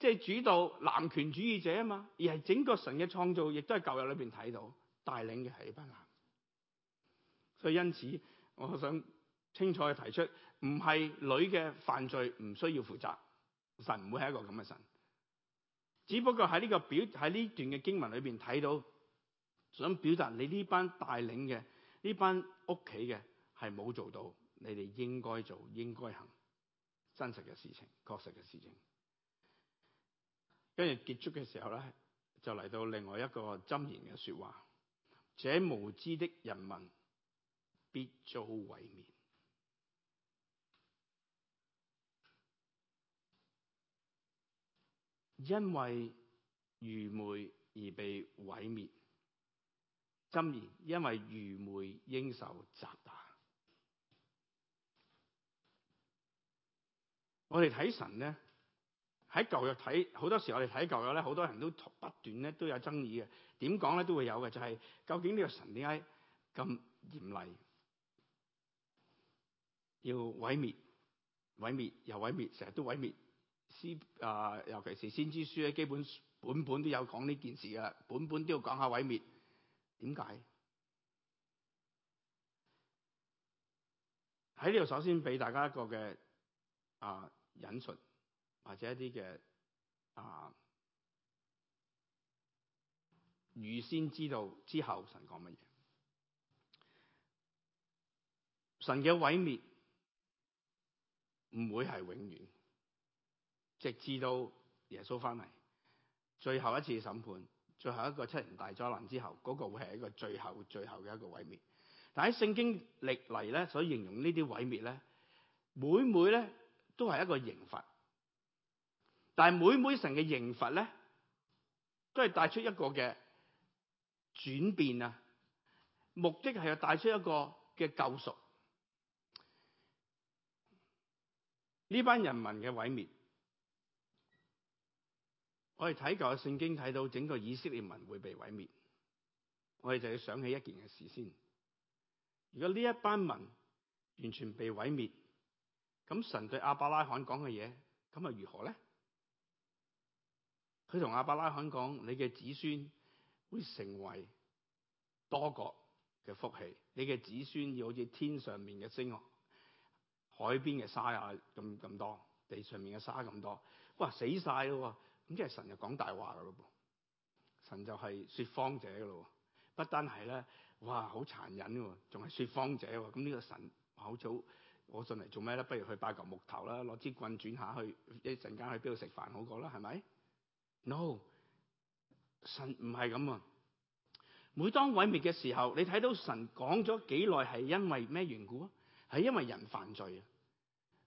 即係、就是、主導男權主義者啊嘛，而係整個神嘅創造是面，亦都係舊約裏邊睇到帶領嘅係一班男。所以因此，我想清楚去提出。唔係女嘅犯罪唔需要負責，神唔會係一個咁嘅神。只不過喺呢個表，喺呢段嘅經文裏邊睇到，想表達你呢班帶領嘅呢班屋企嘅係冇做到，你哋應該做，應該行真實嘅事情，確實嘅事情。跟住結束嘅時候咧，就嚟到另外一個箴言嘅說話，這無知的人民必，必遭毀滅。因為愚昧而被毀滅，真言。因為愚昧應受責打。我哋睇神咧，喺舊約睇，好多時我哋睇舊約咧，好多人都不斷咧都有爭議嘅。點講咧都會有嘅，就係究竟呢個神點解咁嚴厲，要毀滅、毀滅又毀滅，成日都毀滅。啊，尤其是先知書咧，基本本本都有講呢件事嘅，本本都要講下毀滅，點解？喺呢度首先俾大家一個嘅啊引述，或者一啲嘅啊預先知道之後，神，神講乜嘢？神嘅毀滅唔會係永遠。直至到耶穌翻嚟，最後一次審判，最後一個七年大災難之後，嗰個會係一個最後最後嘅一個毀滅，但係聖經歷嚟咧，所形容呢啲毀滅咧，每每咧都係一個刑罰，但係每每神嘅刑罰咧，都係帶出一個嘅轉變啊！目的係要帶出一個嘅救贖呢班人民嘅毀滅。我哋睇舊嘅聖經，睇到整個以色列民會被毀滅，我哋就要想起一件嘅事先。如果呢一班民完全被毀滅，咁神對亞伯拉罕講嘅嘢，咁係如何咧？佢同亞伯拉罕講：你嘅子孫會成為多國嘅福氣，你嘅子孫要好似天上面嘅星哦，海邊嘅沙啊咁咁多，地上面嘅沙咁多。哇，死晒咯，啊！咁即係神就講大話噶咯噃，神就係說謊者噶咯，不單係咧，哇，好殘忍噶，仲係說謊者喎。咁呢個神好早，我信嚟做咩咧？不如去拜嚿木頭啦，攞支棍轉下去，一陣間去邊度食飯好過啦，係咪？No，神唔係咁啊。每當毀滅嘅時候，你睇到神講咗幾耐係因為咩緣故啊？係因為人犯罪啊。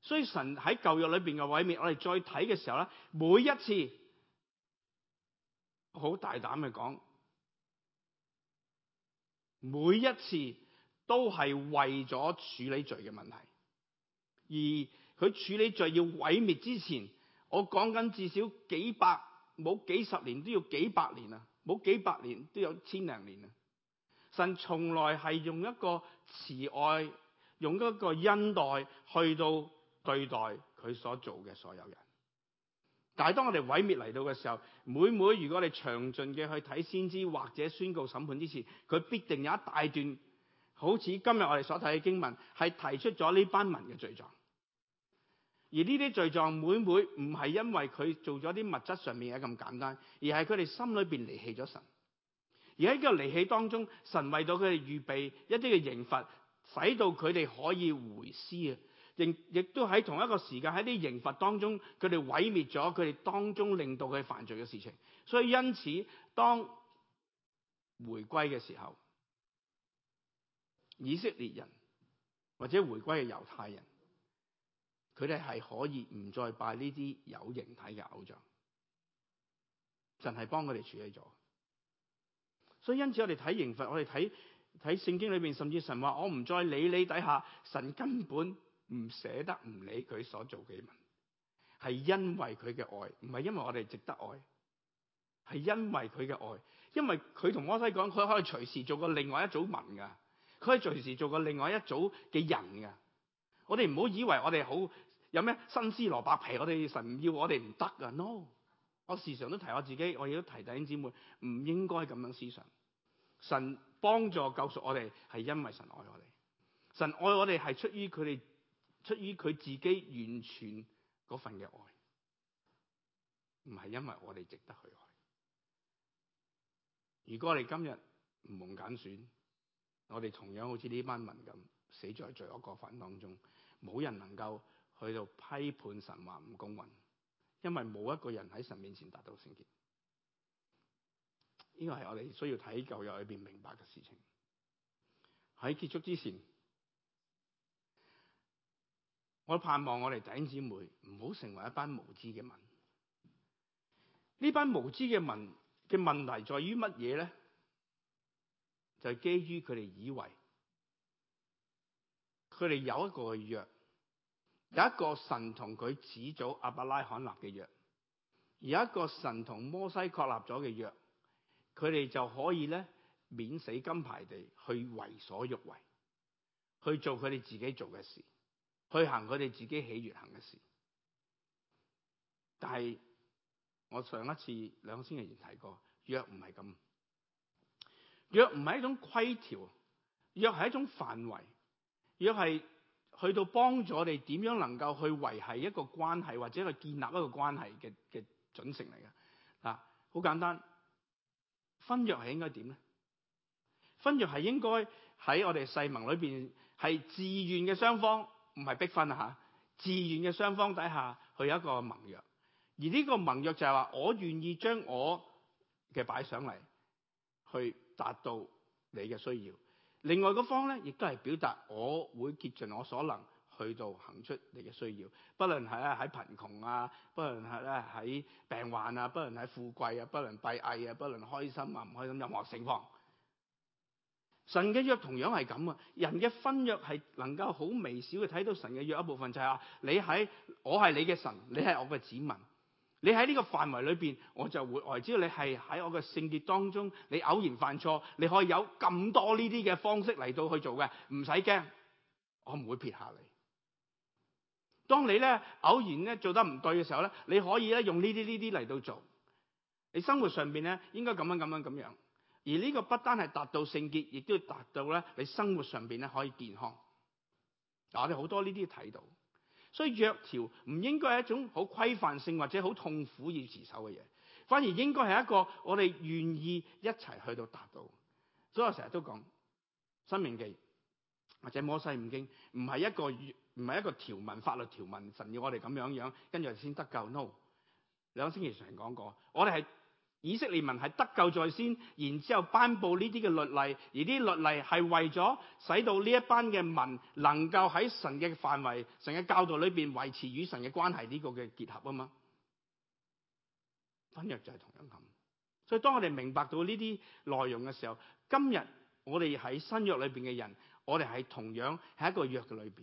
所以神喺舊約裏邊嘅毀滅，我哋再睇嘅時候咧，每一次。好大膽嘅講，每一次都係為咗處理罪嘅問題，而佢處理罪要毀滅之前，我講緊至少幾百冇幾十年都要幾百年啊，冇幾百年都有千零年啊。神從來係用一個慈愛，用一個恩待去到對待佢所做嘅所有人。但係當我哋毀滅嚟到嘅時候，每每如果你詳盡嘅去睇先知或者宣告審判之前，佢必定有一大段好似今日我哋所睇嘅經文，係提出咗呢班民嘅罪狀。而呢啲罪狀每每唔係因為佢做咗啲物質上面嘅咁簡單，而係佢哋心裏邊離棄咗神。而喺呢個離棄當中，神為到佢哋預備一啲嘅刑罰，使到佢哋可以回思啊。亦都喺同一個時間，喺啲刑罰當中，佢哋毀滅咗佢哋當中令到佢犯罪嘅事情。所以因此當回歸嘅時候，以色列人或者回歸嘅猶太人，佢哋係可以唔再拜呢啲有形體嘅偶像。神係幫佢哋處理咗。所以因此我哋睇刑罰，我哋睇睇聖經裏面，甚至神話我唔再理你底下，神根本。唔捨得唔理佢所做嘅文，係因為佢嘅愛，唔係因為我哋值得愛，係因為佢嘅愛，因為佢同摩西講，佢可以隨時做個另外一組文噶，佢可以隨時做個另外一組嘅人噶。我哋唔好以為我哋好有咩新鮮蘿卜皮，我哋神唔要我哋唔得噶。No，我時常都提我自己，我亦都提弟兄姊妹，唔應該咁樣思想。神幫助救贖我哋，係因為神愛我哋，神愛我哋係出於佢哋。出於佢自己完全嗰份嘅愛，唔係因為我哋值得去愛。如果我哋今日唔蒙揀選，我哋同樣好似呢班民咁死在罪惡過犯當中，冇人能夠去到批判神話唔公允，因為冇一個人喺神面前達到聖潔。呢個係我哋需要睇舊約裏邊明白嘅事情。喺結束之前。我盼望我哋弟兄姊妹唔好成為一班無知嘅民。呢班無知嘅民嘅問題在於乜嘢咧？就基於佢哋以為佢哋有一個的約，有一個神同佢始祖亞伯拉罕立嘅約，有一個神同摩西確立咗嘅約，佢哋就可以咧免死金牌地去為所欲為，去做佢哋自己做嘅事。去行佢哋自己喜悅行嘅事，但係我上一次兩星期前提過，若唔係咁，若唔係一種規條，若係一種範圍，若係去到幫助我哋點樣能夠去維繫一個關係或者去建立一個關係嘅嘅準繩嚟嘅。嗱，好簡單，婚約係應該點咧？婚約係應該喺我哋誓盟裏邊係自願嘅雙方。唔係逼婚啊嚇，自願嘅雙方底下佢有一個盟約，而呢個盟約就係話我願意將我嘅擺上嚟，去達到你嘅需要。另外個方咧，亦都係表達我會竭盡我所能去到行出你嘅需要，不論係咧喺貧窮啊，不論係咧喺病患啊，不論喺富貴啊，不論閉翳啊，不論開心啊、唔開心任何情況。神嘅約同樣係咁啊！人嘅婚約係能夠好微小嘅睇到神嘅約的一部分，就係話，你喺我係你嘅神，你係我嘅子民，你喺呢個範圍裏邊，我就會愛。只要你係喺我嘅聖潔當中，你偶然犯錯，你可以有咁多呢啲嘅方式嚟到去做嘅，唔使驚，我唔會撇下你。當你咧偶然咧做得唔對嘅時候咧，你可以咧用呢啲呢啲嚟到做。你生活上邊咧應該咁樣咁樣咁樣。而呢個不單係達到聖潔，亦都要達到咧，你生活上邊咧可以健康。我哋好多呢啲睇到，所以約條唔應該係一種好規範性或者好痛苦要持守嘅嘢，反而應該係一個我哋願意一齊去到達到。所以我成日都講《申命記》或者《摩西五經》，唔係一個唔係一個條文法律條文，神要我哋咁樣樣，跟住我哋先得救。No，兩星期前講過，我哋係。以色列民係得救在先，然之後頒布呢啲嘅律例，而呢啲律例係為咗使到呢一班嘅民能夠喺神嘅範圍、神嘅教導裏邊維持與神嘅關係呢個嘅結合啊嘛。新約就係同樣咁，所以當我哋明白到呢啲內容嘅時候，今日我哋喺新約裏邊嘅人，我哋係同樣喺一個約嘅裏邊，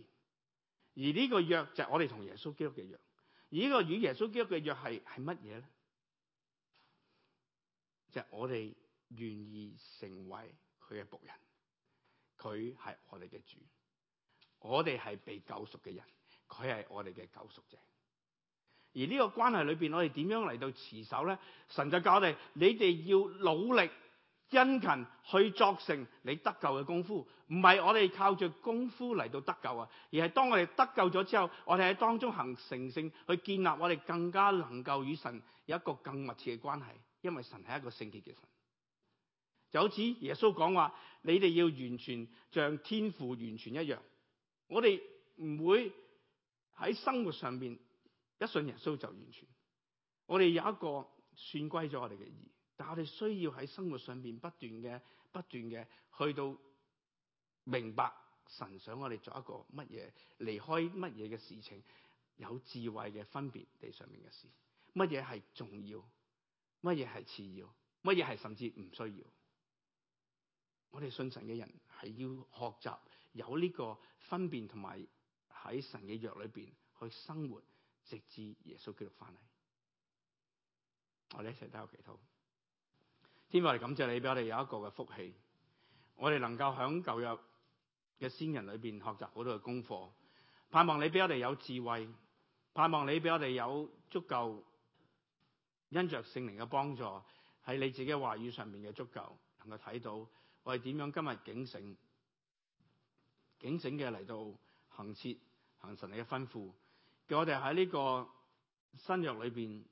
而呢個約就係我哋同耶穌基督嘅約，而呢個與耶穌基督嘅約係係乜嘢咧？就是，我哋願意成為佢嘅僕人，佢係我哋嘅主，我哋係被救贖嘅人，佢係我哋嘅救贖者。而呢個關係裏邊，我哋點樣嚟到持守呢？神就教我哋，你哋要努力殷勤去作成你得救嘅功夫，唔係我哋靠住功夫嚟到得救啊！而係當我哋得救咗之後，我哋喺當中行成聖去建立我哋更加能夠與神有一個更密切嘅關係。因為神係一個聖潔嘅神，就好似耶穌講話，你哋要完全像天父完全一樣。我哋唔會喺生活上面一信耶穌就完全。我哋有一個算歸咗我哋嘅義，但係我哋需要喺生活上面不斷嘅、不斷嘅去到明白神想我哋做一個乜嘢，離開乜嘢嘅事情，有智慧嘅分別地上面嘅事，乜嘢係重要？乜嘢係次要？乜嘢係甚至唔需要？我哋信神嘅人係要學習有呢個分辨，同埋喺神嘅約裏邊去生活，直至耶穌基督翻嚟。我哋一齊禱告祈禱，天父，感謝你俾我哋有一個嘅福氣，我哋能夠響舊約嘅先人裏邊學習好多嘅功課。盼望你俾我哋有智慧，盼望你俾我哋有足夠。因着聖靈嘅幫助，喺你自己嘅話語上面嘅足夠，能夠睇到我哋點樣今日警醒、警醒嘅嚟到行切行神你嘅吩咐，叫我哋喺呢個新約裏邊，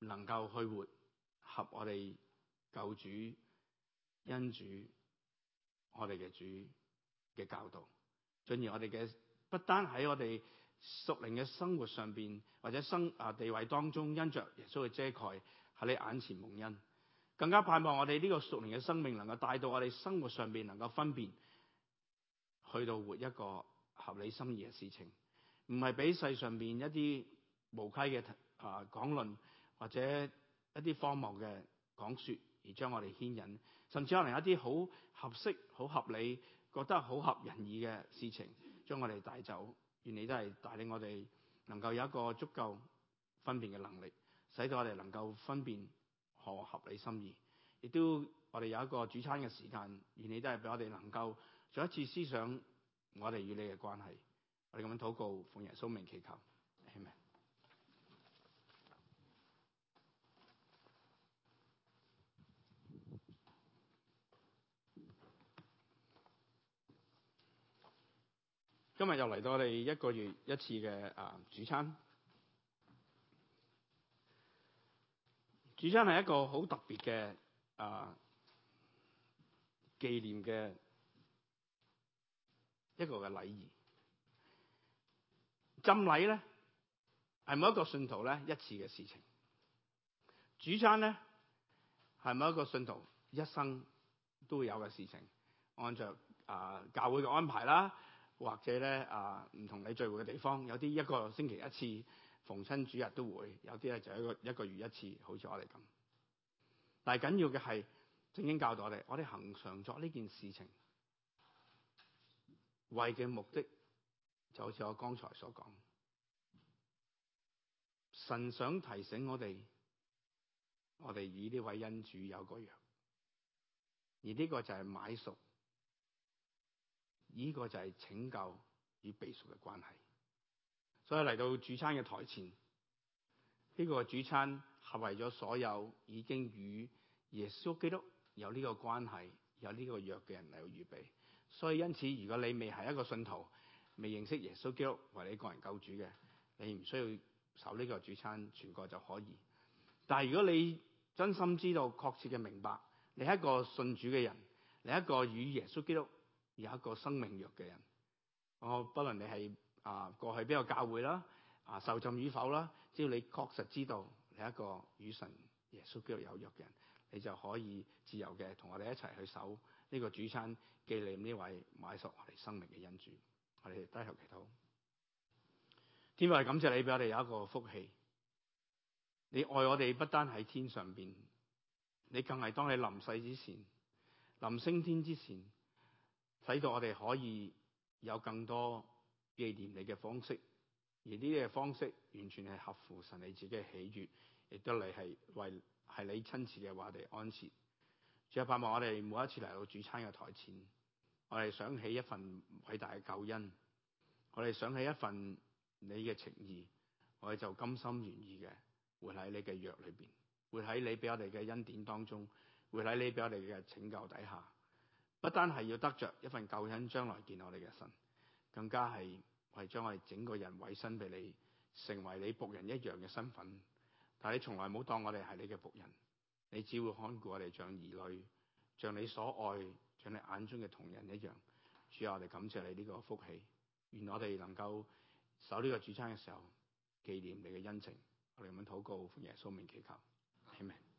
能夠去活合我哋舊主恩主我哋嘅主嘅教導，進而我哋嘅不單喺我哋。熟齡嘅生活上邊或者生啊地位當中，因着耶穌嘅遮蓋喺你眼前蒙恩，更加盼望我哋呢個熟齡嘅生命，能夠帶到我哋生活上邊能夠分辨，去到活一個合理心意嘅事情，唔係俾世上邊一啲無稽嘅啊講論或者一啲荒謬嘅講說而將我哋牽引，甚至可能一啲好合適、好合理、覺得好合人意嘅事情，將我哋帶走。願你都係帶領我哋能夠有一個足夠分辨嘅能力，使到我哋能夠分辨何合理心意，亦都我哋有一個主餐嘅時間，願你都係俾我哋能夠再一次思想我哋與你嘅關係。我哋咁樣禱告，奉耶穌名祈求。今日又嚟到我哋一個月一次嘅啊主餐。主餐係一個好特別嘅啊紀念嘅一個嘅禮儀。浸禮咧係每一個信徒咧一次嘅事情。主餐咧係每一個信徒一生都會有嘅事情，按照啊教會嘅安排啦。或者咧啊，唔同你聚會嘅地方，有啲一個星期一次，逢親主日都會；有啲咧就一個一個月一次，好似我哋咁。但係緊要嘅係，聖經教導我哋，我哋恆常作呢件事情，為嘅目的就好似我剛才所講，神想提醒我哋，我哋以呢位恩主有個樣，而呢個就係買熟。呢、這個就係拯救與被贖嘅關係，所以嚟到主餐嘅台前，呢、這個主餐合為咗所有已經與耶穌基督有呢個關係、有呢個約嘅人嚟到預備。所以因此，如果你未係一個信徒，未認識耶穌基督為你個人救主嘅，你唔需要守呢個主餐全過就可以。但係如果你真心知道、確切嘅明白，你係一個信主嘅人，你係一個與耶穌基督有一個生命弱嘅人，我不論你係啊過去邊個教會啦，啊受浸與否啦，只要你確實知道你係一個與神耶穌基督有約嘅人，你就可以自由嘅同我哋一齊去守呢個主餐紀念呢位買贖我哋生命嘅恩主。我哋低頭祈禱，天父感謝你俾我哋有一個福氣，你愛我哋不單喺天上邊，你更係當你臨世之前，臨升天之前。使到我哋可以有更多紀念你嘅方式，而呢啲嘅方式完全係合乎神你自己嘅喜悅，亦都嚟係為係你親切嘅話哋安設。最後盼望我哋每一次嚟到主餐嘅台前，我哋想起一份偉大嘅救恩，我哋想起一份你嘅情義，我哋就甘心願意嘅活喺你嘅約裏邊，活喺你俾我哋嘅恩典當中，活喺你俾我哋嘅拯救底下。不單係要得着一份救恩，將來見我哋嘅神，更加係為將我哋整個人委身俾你，成為你僕人一樣嘅身份。但係你從來冇當我哋係你嘅僕人，你只會看顧我哋像兒女，像你所愛，像你眼中嘅同人一樣。主要我哋感謝你呢個福氣，願我哋能夠守呢個主餐嘅時候紀念你嘅恩情。我哋咁樣禱告，奉耶穌名祈求，阿門。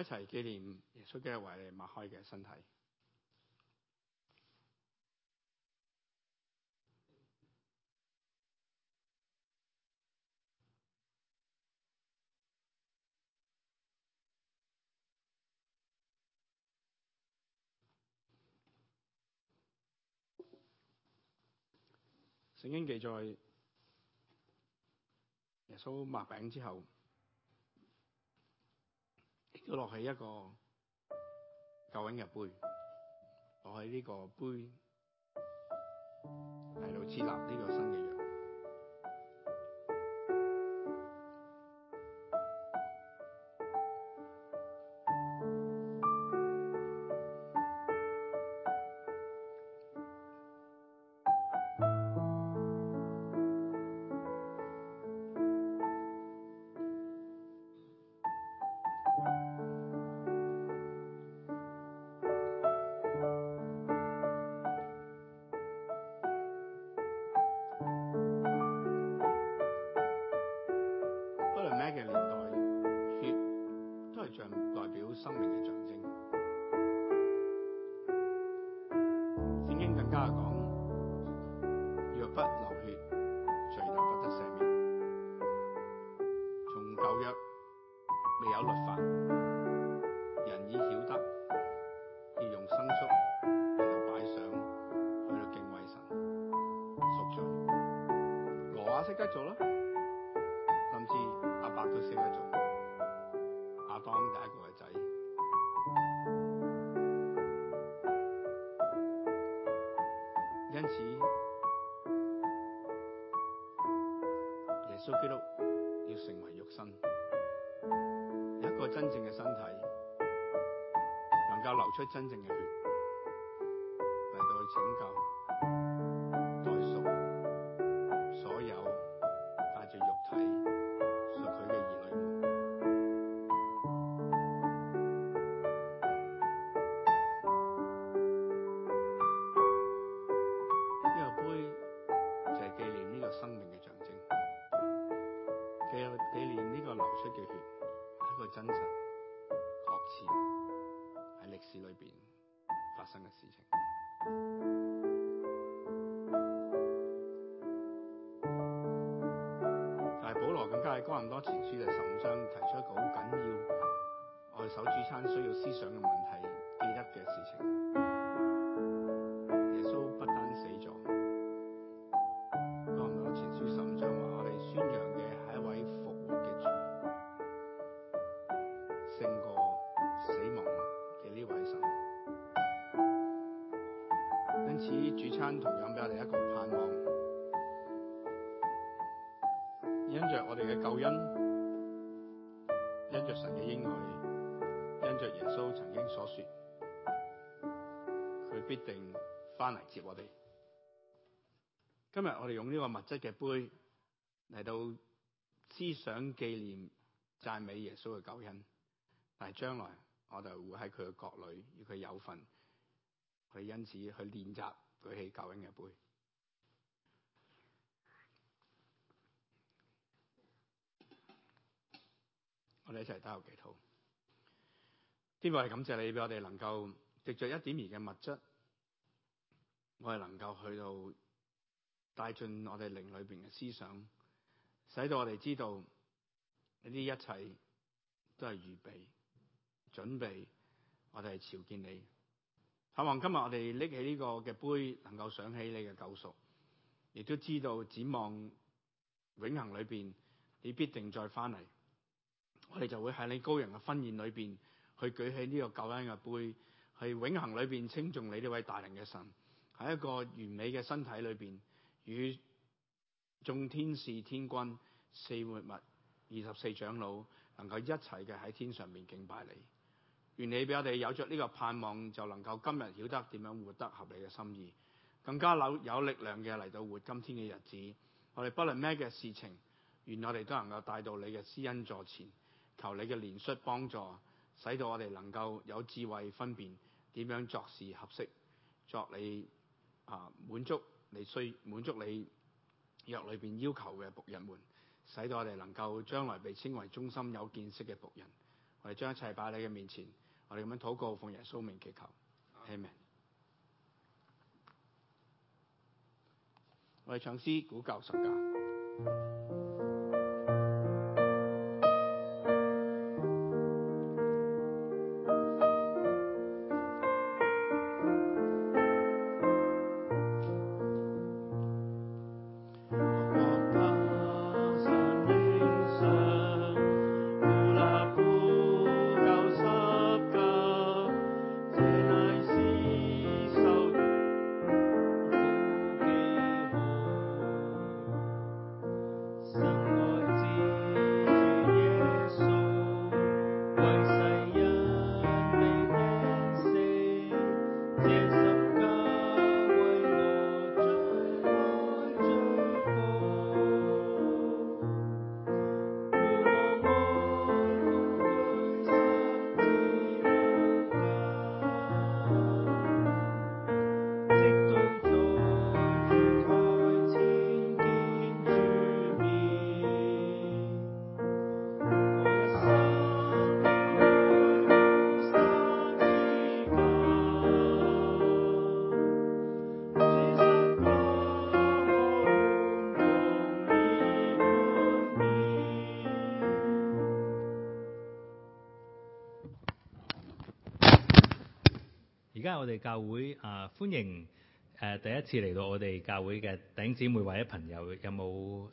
一齊紀念耶穌嘅為你擘開嘅身體。聖經記載，耶穌擘餅之後。掉落去一個舊嘅杯，落去呢個杯嚟到設立呢個新嘅。基督要成為肉身，有一個真正嘅身體，能夠流出真正嘅血，嚟到去拯救。救恩，因着神嘅應許，因着耶穌曾經所說，佢必定返嚟接我哋。今日我哋用呢個物質嘅杯嚟到思想紀念、讚美耶穌嘅救恩。但係將來我哋會喺佢嘅國裏，與佢有份，佢因此去練習舉起救恩嘅杯。我哋一齊打入祈禱。天父，係感謝你俾我哋能夠藉著一點兒嘅物質，我哋能夠去到帶進我哋靈裏邊嘅思想，使到我哋知道呢啲一切都係預備、準備，我哋係朝見你。盼望今日我哋拎起呢個嘅杯，能夠想起你嘅救贖，亦都知道展望永恆裏邊，你必定再翻嚟。我哋就會喺你高人嘅婚宴裏面，去舉起呢個救恩嘅杯，去永恆裏面稱頌你呢位大能嘅神，喺一個完美嘅身體裏面，與眾天使、天君、四活物、二十四長老，能夠一齊嘅喺天上面敬拜你。願你俾我哋有著呢個盼望，就能夠今日曉得點樣活得合你嘅心意，更加有力量嘅嚟到活今天嘅日子。我哋不論咩嘅事情，願我哋都能夠帶到你嘅施恩座前。求你嘅憐恤幫助，使到我哋能夠有智慧分辨點樣作事合適，作你啊滿足你需滿足你約裏邊要求嘅僕人們，使到我哋能夠將來被稱為忠心有見識嘅僕人，我哋將一切擺喺你嘅面前，我哋咁樣禱告，奉耶穌名祈求，阿門。我哋唱詩，古舊十架。我哋教會啊，歡迎誒、啊、第一次嚟到我哋教會嘅弟兄姊妹或者朋友，有冇？